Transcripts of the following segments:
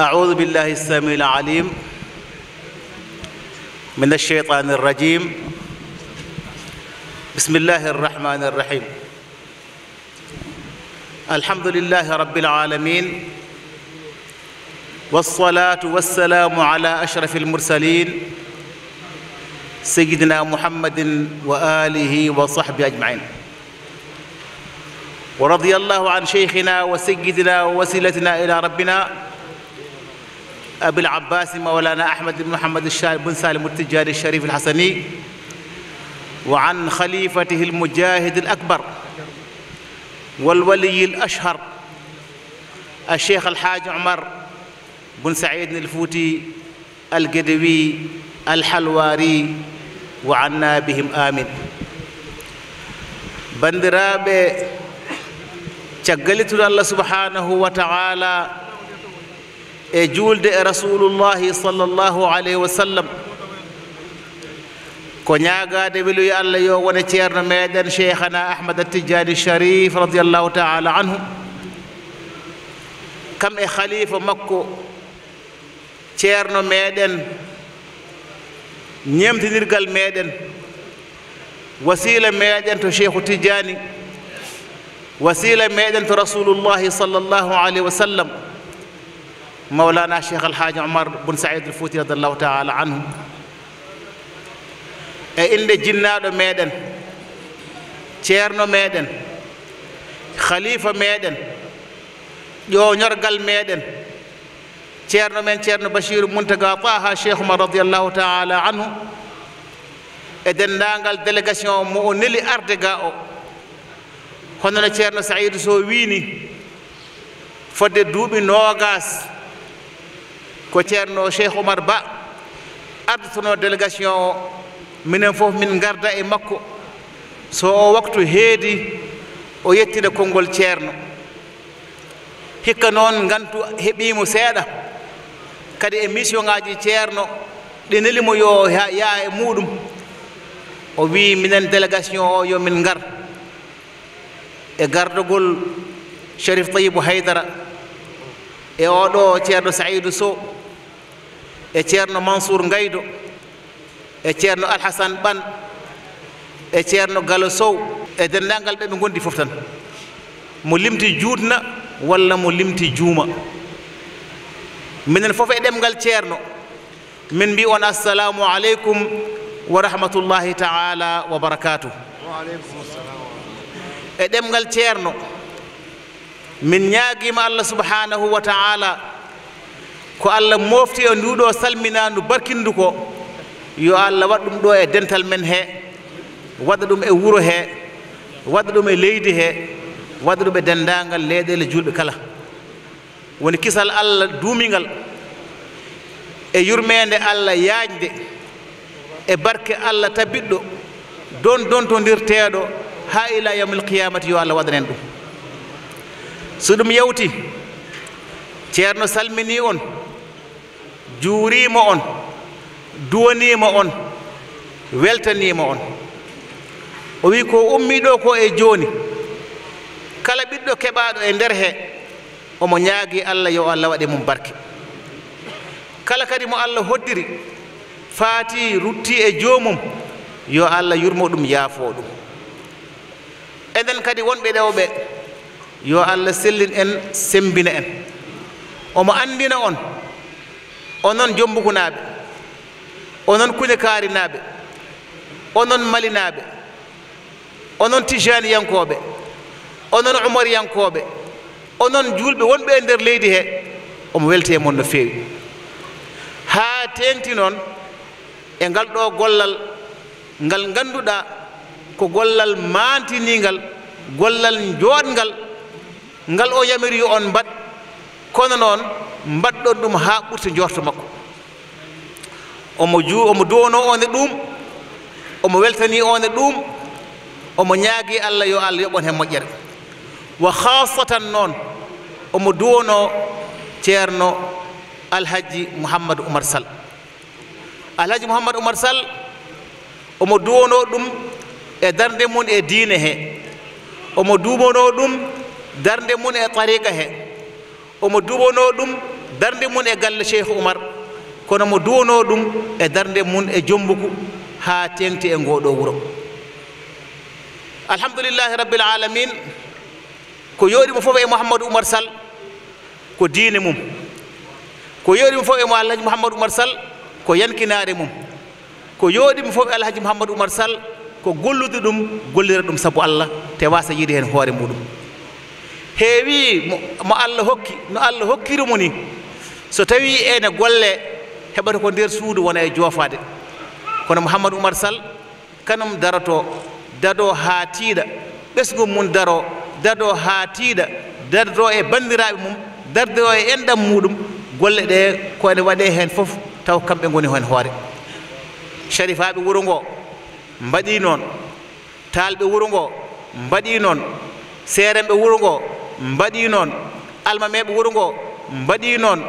أعوذ بالله السميع العليم من الشيطان الرجيم بسم الله الرحمن الرحيم الحمد لله رب العالمين والصلاة والسلام على أشرف المرسلين سيدنا محمد وآله وصحبه أجمعين ورضي الله عن شيخنا وسيدنا ووسيلتنا إلى ربنا أبي العباس مولانا أحمد بن محمد بن سالم التجاري الشريف الحسني وعن خليفته المجاهد الأكبر والولي الأشهر الشيخ الحاج عمر بن سعيد الفوتي القدوي الحلواري وعنا بهم آمين بندرابي شغلت الله سبحانه وتعالى e juulde e rasulullahi sallllahu alayhi wa sallam ko ñaagaade weluyo allah yo wona ceerno meeɗen cheikhana ahmad atijani sharif radiallahu taala anhu kam e khalifa makko ceerno meeɗen ñemtinirgal meeɗen wasila meeɗen to cheikhu tidiani wasila meeɗen to rasulullahi sallllahu alayhi wa sallam مولانا الشيخ الحاج عمر بن سعيد الفوتي رضي الله تعالى عنه e inde jinnaɗo meɗen ceerno meɗen khalifa meɗen ƴoñorgal meɗen ceerno men ceerno bachiru muntaga taha cheikh umar radiallahu taala anhu e denndangal délégation o mo o neli arde ga o hono no ceerno saydou so wini fodde duuɓi nogas ko ceerno cheikh oumar ba addotono délégation o minen fof min garda e makko so o waktu heedi o yettina konngol ceerno hikka noon ngantu heɓiimo seeɗa kadi e mission ngaaji ceerno ɗi nelimo yo yaa e muɗum o wii minen délégation o yo min ngar e gardogol cherif tayibou haydara e oɗo ceerno saidou sow e ceerno mansour gaydo e ceerno alhassane ɓan e ceerno galo sow e denndangal ɓe ɓe gondi fof tan mo limti juutna walla mo limti juuma minen fof e ɗemngal ceerno min mbi on assalamu aleykum wa rahmatullahi taala wa barakatu e ɗemngal ceerno min ñaagima allah subhanahu wa taala ko allah mofti e nduɗo salminandu barkindu ko yo allah waɗa ɗum ɗo e dental men he waɗa ɗum e wuro he waɗa ɗum e leydi he waɗa ɗum e dendagal leyɗele julɓe kala woni kisal allah duumigal e yurmede allah yajde e barke allah tabbitɗo don dontodirteɗo ha ila yawmil qiyamati yo allah waɗanen ɗum so ɗum yawti ceerno salmini on juurimo on duwanimo on weltanimo on o wi ko ummiɗo ko e joni kala ɓiɗɗo keɓaɗo e nder he omo ñaagui allah yo allah waɗi mum barke kala kadi mo allah hoddiri faati rutti e jomum yo allah yurmo ɗum yaafo ɗum enen kadi wonɓe ɗewɓe yo allah sellin en sembina en omo andina on onon jombukunaaɓe onon kunikaarinaaɓe onon malinaaɓe onon tijane yankooɓe onon umar yankooɓe onon juulɓe wonɓe e ndeer leydi hee omo weltee mon no feewi haa teenti noon e ngal ɗoo gollal ngal ngannduɗaa ko gollal maantiniingal gollal njooɗngal ngal o yamiri on mbaɗ kono noon mbaɗɗon ɗum haa ɓurti jorto makko omo ju omo duwono on e ɗum omo weltani on e ɗum omo ñaagi allah yo allah yoɓon heen moƴƴere wa khasatan noon omo duwono ceerno alhaji mouhammadou oumar sall alhaji mouhammadou oumar sall omo duwono ɗum e darde mum e diine hee omo duwono ɗum darde mum e tariqa hee omo duwono ɗum darde mum e galle cheikh oumar kono mo duwono ɗum e darde mum e jombuku ha tengti e ngoɗo wuuro alhamdulillahi rabbil alamin ko yoɗimo foof e mouhamadou oumar sall ko diine mum ko yoɗimo foof e mo alhaji mouhamadou oumar sall ko yankinare mum ko yoɗimo foof e alhaji mouhamadou oumar sall ko gollude ɗum gollira ɗum saabu allah te wasa yiide heen hoore muɗum heewi mo allah hokki no allah hokkirimo ni so tawi ene golle heɓata ko nder suudu wona e joofade kono mouhamadou oumar sall kanum daroto dado haa tiiɗa ɓesgu mum daro dado haa tiiɗa dardo e banndiraaɓe mum dardo e enɗam muɗum golle ɗe ko ene waɗe heen fof taw kamɓe ngoni hoen hoore sharifaaɓe wuro ngo mbaɗi noon taalɓe wuro ngo mbaɗi noon seerenɓe wuro ngo mbaɗi noon almameɓe wuro ngo mbaɗi noon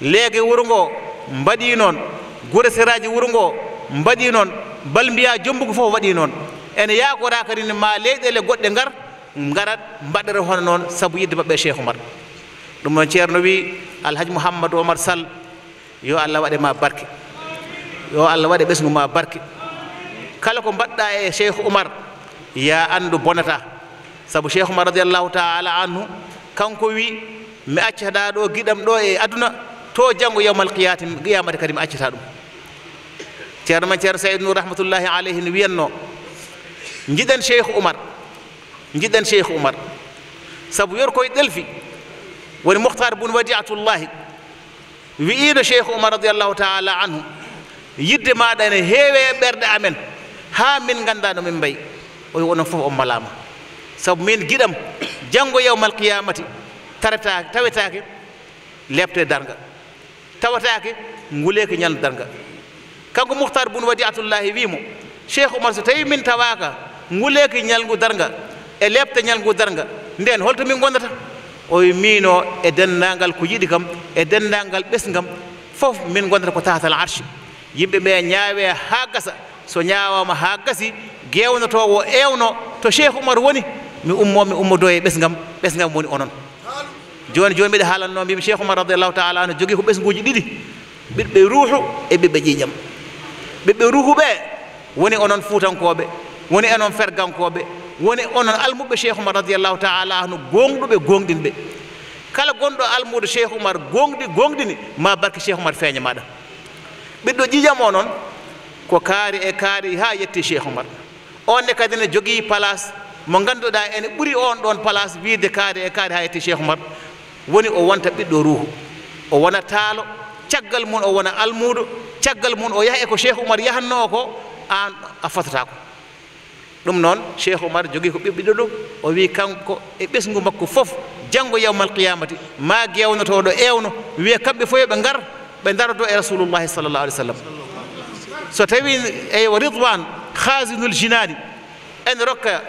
leege wuro ngo mbaɗi noon gure seraaji wuro ngo mbaɗi noon bal mbiya jombugu fof waɗi noon ene yaakora kadi ma leyɗele goɗɗe ngar ngarat mbaɗere hono noon saabu yidde maɓɓe e cheikh oumar ɗum noon ceerno wi alhaji mouhammadou omar sall yo allah waɗe ma barke yo allah waɗe ɓesgu ma barke kala ko mbaɗɗa e cheikh oumar ya andu bonata saabu cheikh oumar radiallahu taala anhu kanko wi mi accata ɗo giɗam ɗo e aduna to jangu yawmal qiyati qiyamati kadim mi accata ɗum ceerno man ceerno saydou nour rahmatullahi alayhi wiyanno wiyanno sheikh umar oumar sheikh umar sabu yor koy delfi wal mouhtar bun wadi'atullah wi'iino sheikh umar radiyallahu taala anhu yidde ma dane heewe berde amen ha min ngannda no min bay o wono fof o malama sabu min gidam jango yawmal qiyamati tarata tawetake lepte darnga tawataake nguleeke ñaldal nga kanko moukhtar bune wadi atullahi wiimo cheikh oumar so tawi min tawaaka nguleeke ñalngu dar nga e leɓta ñalngu dar nga ndeen holto min gonnata o wi miino e denndaangal ko yiɗi kam e denndaangal ɓes ngam fof min gonnata ko tatal arche yimɓe ɓe ñaawee haa gasa so ñaawaama haa gasi geewnotoowo eewnoo to cheikh oumar woni mi ummoo mi ummodoye ɓes ngam ɓes ngam woni onon joni joni mbiɗa haalanno mbimi cheikh umar radiallahu taala no jogui ko ɓesguji ɗiɗi ɓiɓɓe ruuhu e ɓiɓɓe ƴiƴam ɓiɓɓe ruuhuɓe woni onon fuutankoɓe woni enon fergankoɓe woni onon almuɓe cheikh umar radiallahu taala no gonɗuɓe gonɗinɓe kala gonɗo almude cheikh umar gonɗi gonɗini ma barke cheikh umar feeñamaɗa ɓiɗɗo ƴiƴam o noon ko kaari e kaari ha yetti cheikh umar on ne kadi ne jogui place mo ganduɗa ene ɓuuri on ɗon place wiide kaari e kaari ha yetti cheikh umar woni o wonta ɓiɗɗo ruhu o wona taalo caggal mum o wona almuudo caggal mum o yaha e ko cheikh oumar yahanno ko an a fotatako ɗum noon cheikh oumar jogii ko ɓiɓɓiɗo ɗum o wii kanko e ɓesngu makko fof janngo yawma alqiyamati ma gewnotooɗo ewno wiya kamɓe fof ɓe ngar ɓe ndarodo e rasulullahi sallllah alih w sallam so tawi eywa ridwan hasinul jinani ene rokka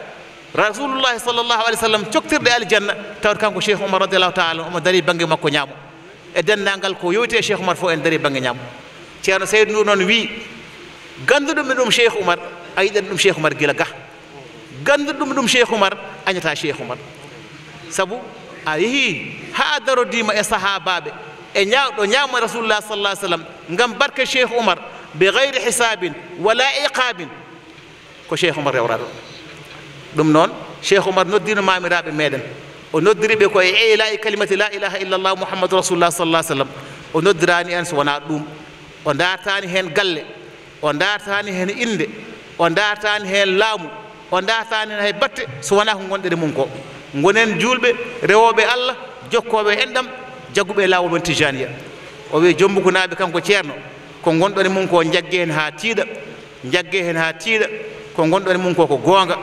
rasulullahi sallllahu alih w sallam coktirɗe aljanna tawat kanko cheikh oumar radiallahu taala omo dari banggue makko ñaamo e denndangal ko yowti e cheikh oumar fof en dari banggue ñaamo ceerno seydou ndu noon wi ganduɗum e ɗum cheikh oumar a yiɗani ɗum cheikh oumar gila ga ganduɗum ɗum cheikh oumar añata cheikh oumar sabu a yeehi ha darodima e sahabaɓe e ñawɗo ñaamo rasulullah sallah sallam gam barke cheikh oumar be gayri hisabin wala iqabin ko cheikh oumar rewra ɗon ɗum noon cheikh oumar noddino mamiraɓe meɗen o noddiri ɓe koye eila e kalimati la ilaha illallah mouhammadou rasulullah sallah sallam o noddirani en so wona ɗum o dartani hen galle o dartani hen inde o dartani hen laamu o dartani hen hay batte so wona ko gonɗere mum ko gonen julɓe rewoɓe allah jokkoɓe enɗam jagguɓe lawol men tijaniya o wi jombugunaɓe kanko ceerno ko gonɗone mum ko jagge hen ha tiiɗa jagge hen ha tiiɗa ko gonɗone mum ko ko gonga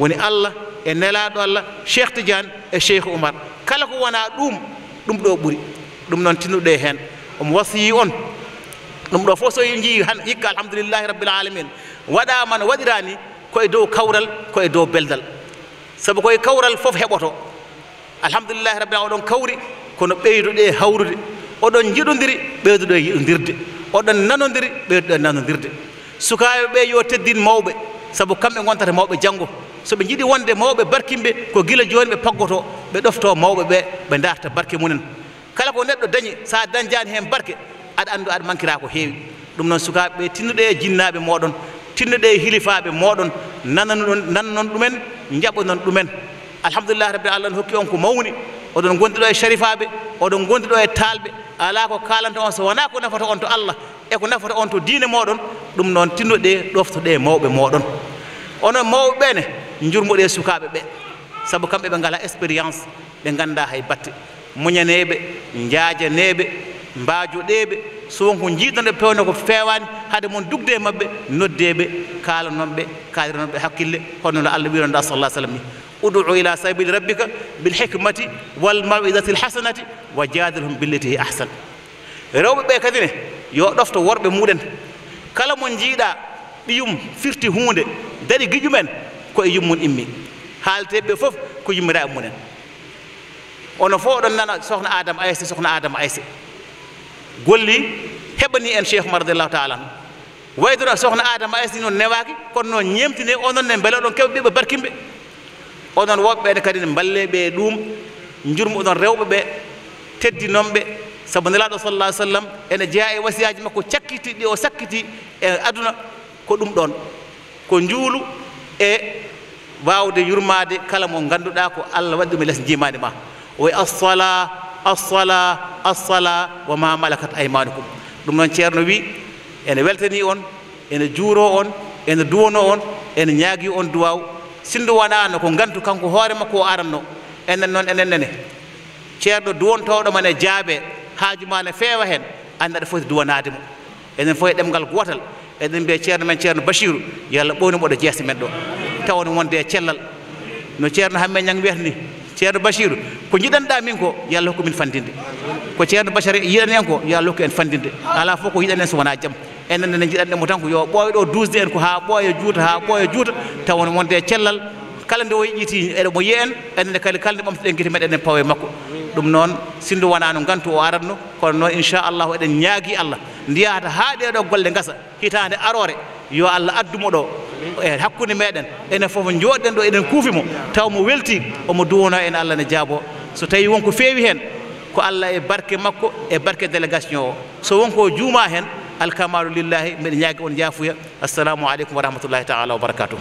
woni allah e nelaɗo allah cheikh tidiane e cheikh oumar kala ko wona ɗum ɗum ɗo ɓuuri ɗum noon tinnuɗe hen omo wasiyi on ɗum ɗo foso so han hikka alhamdoulillahi rabbil alamin waɗama no waɗira ni koye kawral koye dow beldal saabu koye kawral fof heɓoto alhamdoulillahi rabbil alamin oɗon kawri kono ɓeyduɗe hawrude oɗon jiɗodiri ɓeyduɗo e yiɗodirde oɗon nanodiri ɓeyduɗo e nanodirde sukaɓe ɓe yo teddin mawɓe saabu kamɓe gontata mawɓe janggo so ɓe jiɗi wonde mawɓe barkinɓe ko gila joni ɓe paggoto ɓe ɗofto mawɓe ɓe ɓe darta barke munen kala ko neɗɗo dañi sa dañjani hen barke aɗa andu aɗa manquira ko heewi ɗum noon sukaɓeɓe tinnuɗe e jinnaɓe moɗon tinnuɗe e hilifaɓe moɗon nananuɗon nannanon ɗumen jaɓanon ɗumen alhamdulillah rabbil allah ne hokki on ko mawni oɗon gondiɗo e sharifaɓe oɗon gondiɗo e talɓe ala ko kalanta on so wona ko nafata on to allah e ko nafata on to diine moɗon ɗum noon tinnuɗe ɗoftoɗe e mawɓe moɗon onon mawɓe ɓene jurmoɗe sukaɓe ɓe saabu kamɓe ɓe ngala expérience ɓe ganda hay batte muñaneɓe jajaneɓe mbajoɗeɓe sowonko jiidande pewne ko fewani haade moon dugde e mabɓe noddeɓe kalanonɓe kalirnonɓe hakkille honnono allah wiranda sala sallam ni udou ila sabili rabbika bilhikmati walmawidati lhasanati wa jadilhum billetihi ahsan rewɓeɓe kadi ne yo ɗofto worɓe muɗen kala mo jiiɗa ɗiyum firti hunde dari guiƴumen koye yummum immi haalteɓeɓe fof ko yummira e munen ono fo oɗon nana sokhna adama aysi sokhna adama aysi golli heɓani en cheikh omar radiallahu taala an waydora sokhna adama aysi noon newaki kono noon ñemtine onon ne beele oɗon keɓe ɓiɓe barkimɓe onon woɓɓeɓene kadi ne mballeɓe e ɗum jurmu oɗon rewɓeɓe teddinomɓe saabu nelaɗo sallah sallam ene jeeya e wasiyaji makko cakkiti ɗi o sakkiti e aduna ko ɗum ɗon ko juulu e waawde yurmaade kala mo ngannduɗaa ko allah waɗi ɗum e les njiimaade maa oyi assola assola assola wo ma malakat aymanu kum ɗum noon ceerno wii ene weltanii on ene juuroo on ene duwono on ene ñaagii on duwaaw sinndu wonaano ko nganndu kanko hoore makko o aranno enen noon enen nene ceerno duwontooɗo man e jaabee haaju maa ne feewa heen annda ɗo foti e duwanaade mo enen fof e ɗemngal gootal eɗen mbiya ceerno men ceerno bachiru yo allah ɓowni mboɗo jeese men ɗo tawno wonde e cellal no ceerno hamme ñang wiyata ni ceerno bachiru ko jiɗanɗa min ko yo allah hokku min fandinde ko ceerno bachari yiɗan en ko yo allah hokku en fandinde ala fof ko yiɗan en so wona jaam enen ene jiɗanɗe mo tan ko yo ɓooya ɗo dusde en ko ha ɓooya juuta ha ɓooya juuta tawno wonde e cellal kala nde woyiiti eɗe mo yiyen enene kadi kala nde ɓamtoɗen guite meɗen en pawe makko ɗum noon sindu wona no gantu o aratno kono noon inchallahu eɗen ñaagui allah ndiyata ha ɗeɗo golle gasa hitande arore yo allah addumo ɗo e hakkude meɗen enen foof jooɗɗen ɗo eɗen kuufimo taw mo welti omo duwono en allah ne jaabo so tawi wonko feewi hen ko allah e barke makko e barke délégation o so wonko juuma hen alkamadu lillahi mbiɗa ñaagi on jaafuya assalamu aleykum wa rahmatullahi taala wa barakatuh